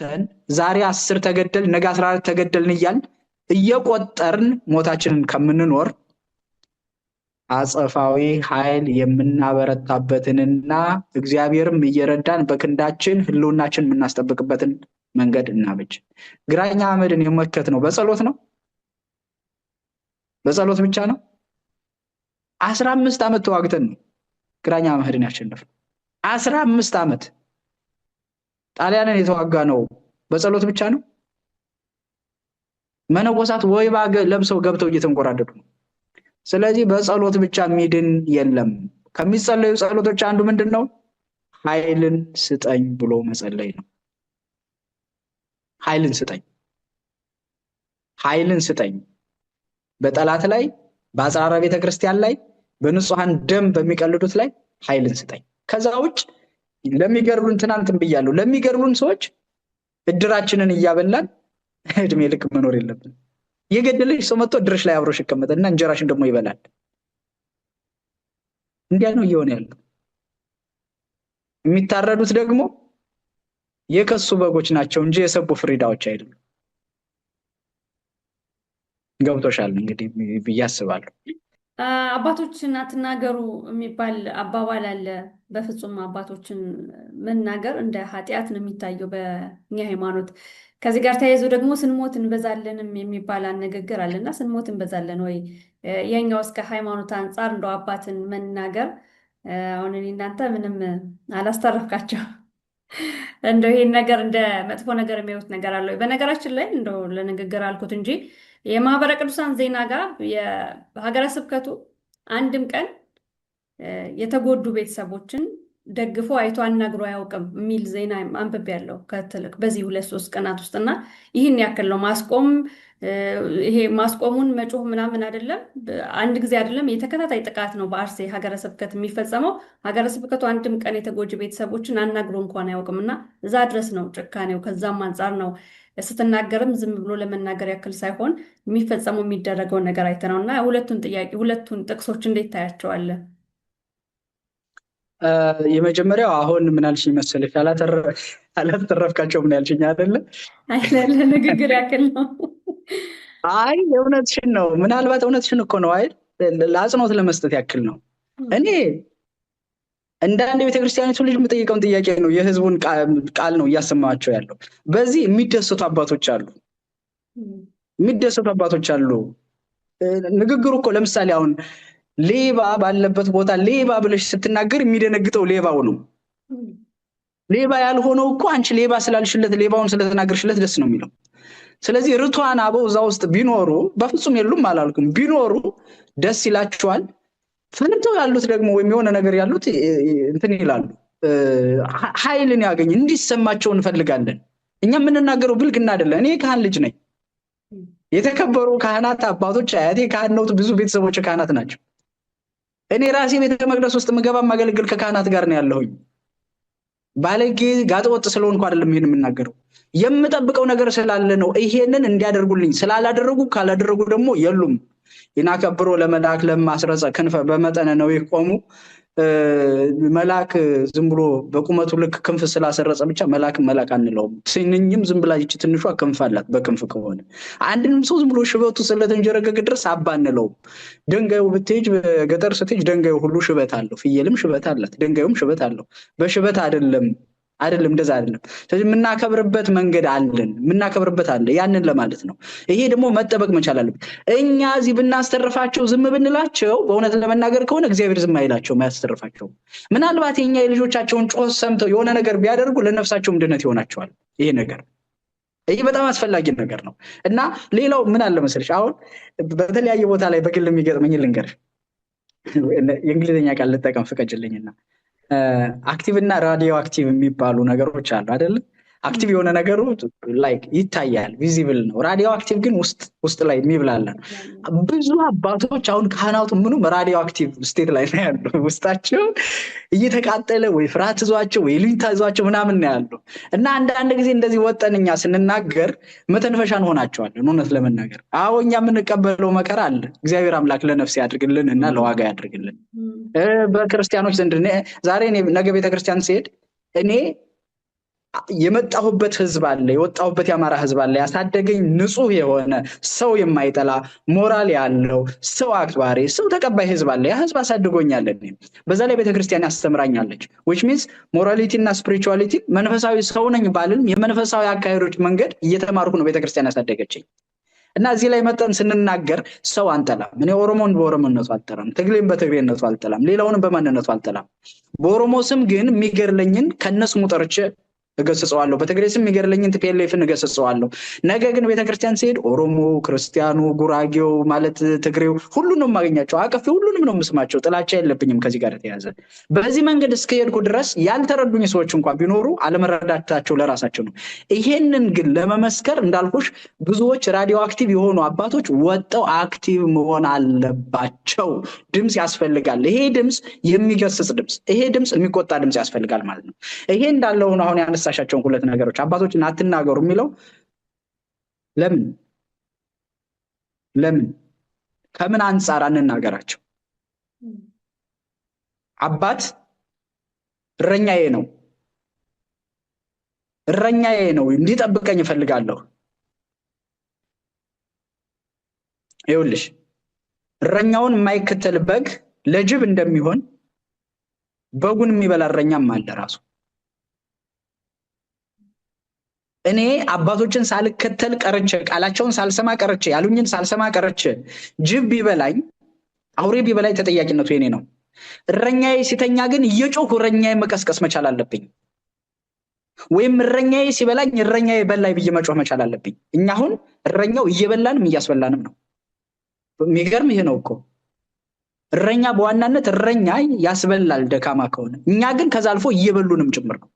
ተን ዛሬ አስር ተገደል ነገ አስራ አራት ተገደልን እያል እየቆጠርን ሞታችንን ከምንኖር አጸፋዊ ኃይል የምናበረታበትንና እግዚአብሔርም እየረዳን በክንዳችን ህልውናችን የምናስጠብቅበትን መንገድ እናበጅ። ግራኛ አመድን የመከት ነው በጸሎት ነው፣ በጸሎት ብቻ ነው። አስራ አምስት ዓመት ተዋግተን ነው ግራኛ አመድን ያሸነፍ አስራ አምስት ዓመት ጣሊያንን የተዋጋ ነው በጸሎት ብቻ ነው? መነኮሳት ወይባ ለብሰው ገብተው እየተንቆራደዱ ነው። ስለዚህ በጸሎት ብቻ ሚድን የለም። ከሚጸለዩ ጸሎቶች አንዱ ምንድን ነው? ኃይልን ስጠኝ ብሎ መጸለይ ነው። ኃይልን ስጠኝ፣ ኃይልን ስጠኝ በጠላት ላይ በአጽራረ ቤተክርስቲያን ላይ በንጹሐን ደም በሚቀልዱት ላይ ኃይልን ስጠኝ። ከዛ ውጭ ለሚገድሉን ትናንትን ብያለሁ፣ ለሚገድሉን ሰዎች እድራችንን እያበላን እድሜ ልክ መኖር የለብን። የገደለሽ ሰው መጥቶ እድርሽ ላይ አብሮሽ ይቀመጣል እና እንጀራሽን ደግሞ ይበላል። እንዲያ ነው እየሆነ ያለው። የሚታረዱት ደግሞ የከሱ በጎች ናቸው እንጂ የሰቡ ፍሪዳዎች አይደሉም። ገብቶሻል እንግዲህ ብያስባሉ አባቶችን አትናገሩ የሚባል አባባል አለ። በፍጹም አባቶችን መናገር እንደ ኃጢአት ነው የሚታየው በእኛ ሃይማኖት። ከዚህ ጋር ተያይዞ ደግሞ ስንሞት እንበዛለንም የሚባል አነጋገር አለና ስንሞት እንበዛለን ወይ? የኛው እስከ ሃይማኖት አንጻር እንደ አባትን መናገር አሁን እናንተ ምንም አላስተረፍካቸው እንደ ይህን ነገር እንደ መጥፎ ነገር የሚያዩት ነገር አለ በነገራችን ላይ እንደው ለንግግር አልኩት እንጂ የማህበረ ቅዱሳን ዜና ጋር የሀገረ ስብከቱ አንድም ቀን የተጎዱ ቤተሰቦችን ደግፎ አይቶ አናግሮ አያውቅም የሚል ዜና አንብቤ ያለው ከትልቅ በዚህ ሁለት ሶስት ቀናት ውስጥ እና ይህን ያክል ነው ማስቆም ይሄ ማስቆሙን መጮህ ምናምን አይደለም፣ አንድ ጊዜ አይደለም፣ የተከታታይ ጥቃት ነው በአርሴ ሀገረ ስብከት የሚፈጸመው። ሀገረ ስብከቱ አንድም ቀን የተጎጂ ቤተሰቦችን አናግሮ እንኳን አያውቅም እና እዛ ድረስ ነው ጭካኔው። ከዛም አንጻር ነው ስትናገርም ዝም ብሎ ለመናገር ያክል ሳይሆን የሚፈጸመው የሚደረገው ነገር አይተ ነው እና ሁለቱን ጥያቄ ሁለቱን ጥቅሶች እንዴት ታያቸዋለን? የመጀመሪያው አሁን ምን አልሽኝ መሰለሽ አላተረፍካቸው ምን ያልሽኝ አይደለ ንግግር ያክል ነው አይ እውነትሽን ነው ምናልባት እውነትሽን እኮ ነው አይል ለአጽንኦት ለመስጠት ያክል ነው እኔ እንደ አንድ ልጅ የምጠይቀውን ጥያቄ ነው የህዝቡን ቃል ነው እያሰማቸው ያለው በዚህ የሚደሰቱ አባቶች አሉ የሚደሰቱ አባቶች አሉ ንግግሩ እኮ ለምሳሌ አሁን ሌባ ባለበት ቦታ ሌባ ብለሽ ስትናገር የሚደነግጠው ሌባው ነው። ሌባ ያልሆነው እኮ አንቺ ሌባ ስላልሽለት ሌባውን ስለተናገርሽለት ደስ ነው የሚለው። ስለዚህ ርቷን አበው እዛ ውስጥ ቢኖሩ በፍጹም የሉም አላልኩም፣ ቢኖሩ ደስ ይላቸዋል። ፈንተው ያሉት ደግሞ ወይም የሆነ ነገር ያሉት እንትን ይላሉ፣ ኃይልን ያገኝ እንዲሰማቸው እንፈልጋለን። እኛ የምንናገረው ብልግና አይደለም። እኔ ካህን ልጅ ነኝ። የተከበሩ ካህናት አባቶች አያቴ ካህን ነው። ብዙ ቤተሰቦች ካህናት ናቸው። እኔ ራሴ ቤተ መቅደስ ውስጥ ምገባ ማገልግል ከካህናት ጋር ነው ያለሁኝ። ባለጌ ጋጠወጥ ስለሆንኩ አይደለም ይሄን የምናገረው፣ የምጠብቀው ነገር ስላለ ነው። ይሄንን እንዲያደርጉልኝ ስላላደረጉ ካላደረጉ ደግሞ የሉም። ይናከብሮ ለመላክ ለማስረጸ ክንፈ በመጠነ ነው የቆሙ መላክ ዝም ብሎ በቁመቱ ልክ ክንፍ ስላሰረጸ ብቻ መላክ መላክ አንለውም። ስንኝም ዝም ብላ ይች ትንሿ ክንፍ አላት። በክንፍ ከሆነ አንድንም ሰው ዝም ብሎ ሽበቱ ስለተንጀረገግ ድረስ አባ አንለውም። ደንጋዩ ብትሄጅ በገጠር ስትሄጅ ደንጋዩ ሁሉ ሽበት አለው። ፍየልም ሽበት አላት፣ ደንጋዩም ሽበት አለው። በሽበት አይደለም አይደለም፣ እንደዛ አይደለም። ስለዚህ የምናከብርበት መንገድ አለን፣ የምናከብርበት አለ። ያንን ለማለት ነው። ይሄ ደግሞ መጠበቅ መቻል አለበት። እኛ እዚህ ብናስተርፋቸው፣ ዝም ብንላቸው፣ በእውነት ለመናገር ከሆነ እግዚአብሔር ዝም አይላቸውም፣ አያስተርፋቸውም። ምናልባት የኛ የልጆቻቸውን ጮስ ሰምተው የሆነ ነገር ቢያደርጉ ለነፍሳቸው ምድነት ይሆናቸዋል ይሄ ነገር ይህ በጣም አስፈላጊ ነገር ነው እና ሌላው ምን አለ መሰለሽ፣ አሁን በተለያየ ቦታ ላይ በግል የሚገጥመኝ ልንገርሽ። የእንግሊዝኛ ቃል ልጠቀም ፍቀጅልኝና አክቲቭ እና ራዲዮ አክቲቭ የሚባሉ ነገሮች አሉ አይደለም አክቲቭ የሆነ ነገሩ ላይክ ይታያል ቪዚብል ነው ራዲዮ አክቲቭ ግን ውስጥ ውስጥ ላይ የሚብላለ ብዙ አባቶች አሁን ካህናቱ ምኑም ራዲዮ አክቲቭ ስቴት ላይ ነው ያሉ ውስጣቸው እየተቃጠለ ወይ ፍርሃት ይዟቸው ወይ ልዩታ ይዟቸው ምናምን ነው ያሉ እና አንዳንድ ጊዜ እንደዚህ ወጠንኛ ስንናገር መተንፈሻ እንሆናቸዋለን እውነት ለመናገር አዎ እኛ የምንቀበለው መከራ አለ እግዚአብሔር አምላክ ለነፍስ ያድርግልን እና ለዋጋ ያድርግልን በክርስቲያኖች ዘንድ ዛሬ ነገ ቤተክርስቲያን ሲሄድ እኔ የመጣሁበት ህዝብ አለ፣ የወጣሁበት የአማራ ህዝብ አለ። ያሳደገኝ ንጹህ የሆነ ሰው የማይጠላ ሞራል ያለው ሰው አክባሪ ሰው ተቀባይ ህዝብ አለ። ያ ህዝብ አሳድጎኛል። በዛ ላይ ቤተክርስቲያን ያስተምራኛለች። ዊች ሚንስ ሞራሊቲ እና ስፕሪቹዋሊቲ መንፈሳዊ ሰው ነኝ ባልም የመንፈሳዊ አካሄዶች መንገድ እየተማርኩ ነው። ቤተክርስቲያን ያሳደገችኝ እና እዚህ ላይ መጠን ስንናገር ሰው አንጠላም። እኔ ኦሮሞን በኦሮሞነቱ አልጠላም፣ ትግሌን በትግሬነቱ አልጠላም፣ ሌላውንም በማንነቱ አልጠላም። በኦሮሞ ስም ግን የሚገርለኝን ከነስሙ ጠርቼ እገሰጸዋለሁ በትግሬ ስም የሚገድለኝን ቲፒኤልኤፍን እገሰጸዋለሁ ነገ ግን ቤተክርስቲያን ሲሄድ ኦሮሞ፣ ክርስቲያኑ፣ ጉራጌው ማለት ትግሬው ሁሉን ነው የማገኛቸው፣ አቀፊ ሁሉንም ነው የምስማቸው። ጥላቻ የለብኝም ከዚህ ጋር የተያዘ በዚህ መንገድ እስከሄድኩ ድረስ ያልተረዱኝ ሰዎች እንኳን ቢኖሩ አለመረዳታቸው ለራሳቸው ነው። ይሄንን ግን ለመመስከር እንዳልኩሽ ብዙዎች ራዲዮ አክቲቭ የሆኑ አባቶች ወጠው አክቲቭ መሆን አለባቸው። ድምፅ ያስፈልጋል። ይሄ ድምፅ የሚገስጽ ድምፅ፣ ይሄ ድምፅ የሚቆጣ ድምፅ ያስፈልጋል ማለት ነው። ይሄ እንዳለ ሆኖ አሁን ያነሳሻቸውን ሁለት ነገሮች አባቶችን አትናገሩ የሚለው ለምን ለምን ከምን አንጻር አንናገራቸው? አባት እረኛዬ ነው እረኛዬ ነው እንዲጠብቀኝ እፈልጋለሁ። ይውልሽ እረኛውን የማይከተል በግ ለጅብ እንደሚሆን በጉን የሚበላ እረኛም አለ ራሱ እኔ አባቶችን ሳልከተል ቀርቼ ቃላቸውን ሳልሰማ ቀርቼ ያሉኝን ሳልሰማ ቀርቼ ጅብ ቢበላኝ አውሬ ቢበላኝ ተጠያቂነቱ የኔ ነው። እረኛዬ ሲተኛ ግን እየጮሁ እረኛዬ መቀስቀስ መቻል አለብኝ። ወይም እረኛዬ ሲበላኝ እረኛዬ በላይ ብዬ መጮህ መቻል አለብኝ። እኛ አሁን እረኛው እየበላንም እያስበላንም ነው። የሚገርም ይህ ነው እኮ እረኛ በዋናነት እረኛ ያስበላል ደካማ ከሆነ፣ እኛ ግን ከዛ አልፎ እየበሉንም ጭምር ነው።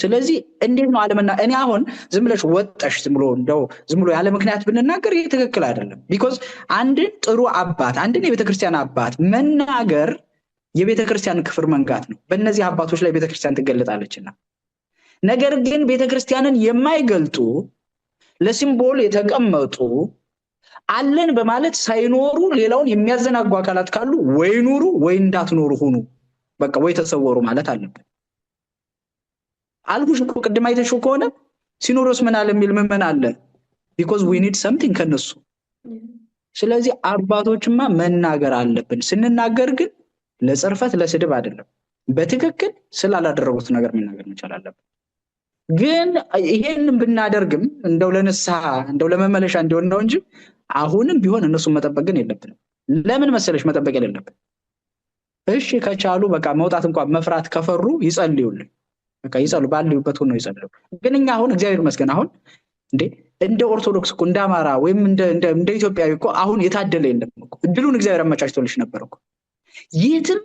ስለዚህ እንዴት ነው አለምና እኔ አሁን ዝም ብለሽ ወጠሽ ዝም ብሎ እንደው ዝም ብሎ ያለ ምክንያት ብንናገር ይህ ትክክል አይደለም። ቢኮዝ አንድን ጥሩ አባት አንድን የቤተክርስቲያን አባት መናገር የቤተክርስቲያን ክፍር መንጋት ነው። በእነዚህ አባቶች ላይ ቤተክርስቲያን ትገለጣለችና። ነገር ግን ቤተክርስቲያንን የማይገልጡ ለሲምቦል የተቀመጡ አለን በማለት ሳይኖሩ ሌላውን የሚያዘናጉ አካላት ካሉ ወይ ኑሩ ወይ እንዳትኖሩ ሁኑ፣ በቃ ወይ ተሰወሩ ማለት አለብን። አልኩሽ እኮ ቅድም አይተሽው ከሆነ ሲኖዶስ ምን አለ የሚል ምዕመን አለ። ቢኮዝ ዊ ኒድ ሰምቲንግ ከነሱ። ስለዚህ አባቶችማ መናገር አለብን። ስንናገር ግን ለጽርፈት ለስድብ አይደለም፣ በትክክል ስላላደረጉት ነገር መናገር መቻል አለብን። ግን ይሄንን ብናደርግም እንደው ለንስሐ እንደው ለመመለሻ እንዲሆን ነው እንጂ አሁንም ቢሆን እነሱን መጠበቅ ግን የለብንም። ለምን መሰለሽ መጠበቅ የሌለብን? እሺ ከቻሉ በቃ መውጣት እንኳን መፍራት ከፈሩ ይጸልዩልን። በቃ ይጸሉ ባለዩበት ሆነው ይጸሉ። ግን እኛ አሁን እግዚአብሔር ይመስገን አሁን እንዴ እንደ ኦርቶዶክስ እኮ እንደ አማራ ወይም እንደ ኢትዮጵያዊ እኮ አሁን የታደለ የለም እኮ እድሉን እግዚአብሔር አመቻችቶልሽ ነበር እኮ የትም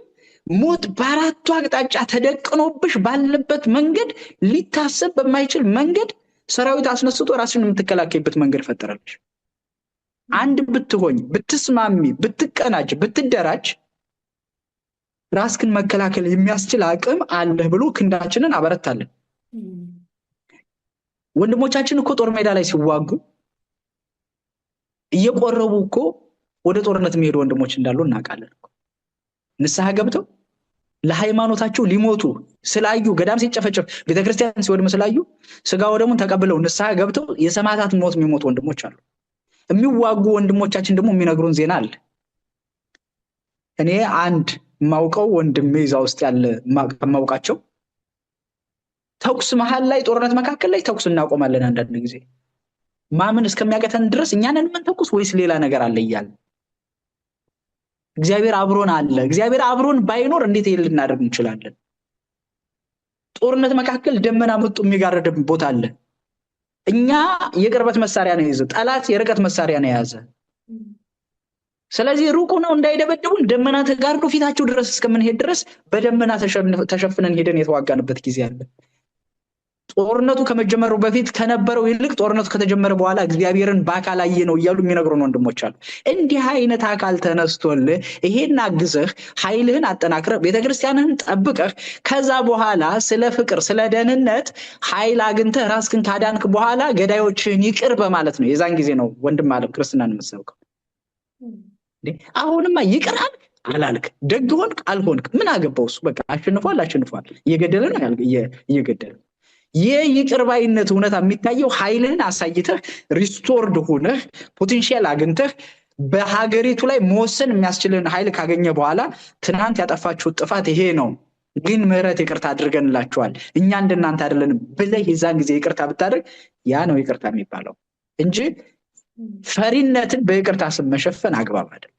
ሞት በአራቱ አቅጣጫ ተደቅኖብሽ ባለበት መንገድ ሊታሰብ በማይችል መንገድ ሰራዊት አስነስቶ ራስሽን የምትከላከይበት መንገድ ፈጠረልሽ። አንድ ብትሆኝ፣ ብትስማሚ፣ ብትቀናጅ፣ ብትደራጅ ራስክን መከላከል የሚያስችል አቅም አለህ ብሎ ክንዳችንን አበረታለን። ወንድሞቻችን እኮ ጦር ሜዳ ላይ ሲዋጉ እየቆረቡ እኮ ወደ ጦርነት የሚሄዱ ወንድሞች እንዳሉ እናውቃለን። ንስሐ ገብተው ለሃይማኖታቸው ሊሞቱ ስላዩ ገዳም ሲጨፈጨፍ ቤተክርስቲያን ሲወድም ስላዩ ስጋ ወደሙን ተቀብለው ንስሐ ገብተው የሰማዕታት ሞት የሚሞቱ ወንድሞች አሉ። የሚዋጉ ወንድሞቻችን ደግሞ የሚነግሩን ዜና አለ። እኔ አንድ ማውቀው ወንድሜ እዛ ውስጥ ያለ ከማውቃቸው ተኩስ መሀል ላይ ጦርነት መካከል ላይ ተኩስ እናቆማለን። አንዳንድ ጊዜ ማምን እስከሚያቀተን ድረስ እኛንን ምን ተኩስ ወይስ ሌላ ነገር አለ እያለ እግዚአብሔር አብሮን አለ። እግዚአብሔር አብሮን ባይኖር እንዴት ይህን ልናደርግ እንችላለን? ጦርነት መካከል ደመና መጡ የሚጋረድ ቦታ አለ። እኛ የቅርበት መሳሪያ ነው የያዘ፣ ጠላት የርቀት መሳሪያ ነው የያዘ። ስለዚህ ሩቁ ነው እንዳይደበድቡን ደመና ተጋርዶ ፊታቸው ድረስ እስከምንሄድ ድረስ በደመና ተሸፍነን ሄደን የተዋጋንበት ጊዜ አለ። ጦርነቱ ከመጀመሩ በፊት ከነበረው ይልቅ ጦርነቱ ከተጀመረ በኋላ እግዚአብሔርን በአካል አየ ነው እያሉ የሚነግሩን ወንድሞች አሉ። እንዲህ አይነት አካል ተነስቶል ይሄን አግዘህ ኃይልህን አጠናክረህ ቤተክርስቲያንህን ጠብቀህ ከዛ በኋላ ስለ ፍቅር፣ ስለ ደህንነት ኃይል አግኝተህ ራስክን ካዳንክ በኋላ ገዳዮችህን ይቅር በማለት ነው። የዛን ጊዜ ነው ወንድም አለም ክርስትናን የምትሰብከው። አሁንማ ይቅር አልክ አላልክ፣ ደግ ሆንክ አልሆንክ፣ ምን አገባው እሱ። በቃ አሸንፏል አሸንፏል። እየገደለ ነው እየገደለ የይቅር ባይነት እውነታ የሚታየው ሀይልህን አሳይተህ ሪስቶርድ ሆነህ ፖቴንሽል አግኝተህ በሀገሪቱ ላይ መወሰን የሚያስችልን ሀይል ካገኘ በኋላ ትናንት ያጠፋችሁ ጥፋት ይሄ ነው፣ ግን ምህረት ይቅርታ አድርገንላችኋል፣ እኛ እንደናንተ አይደለንም ብለህ የዛን ጊዜ ይቅርታ ብታደርግ ያ ነው ይቅርታ የሚባለው እንጂ ፈሪነትን በይቅርታ ስም መሸፈን አግባብ አይደለም።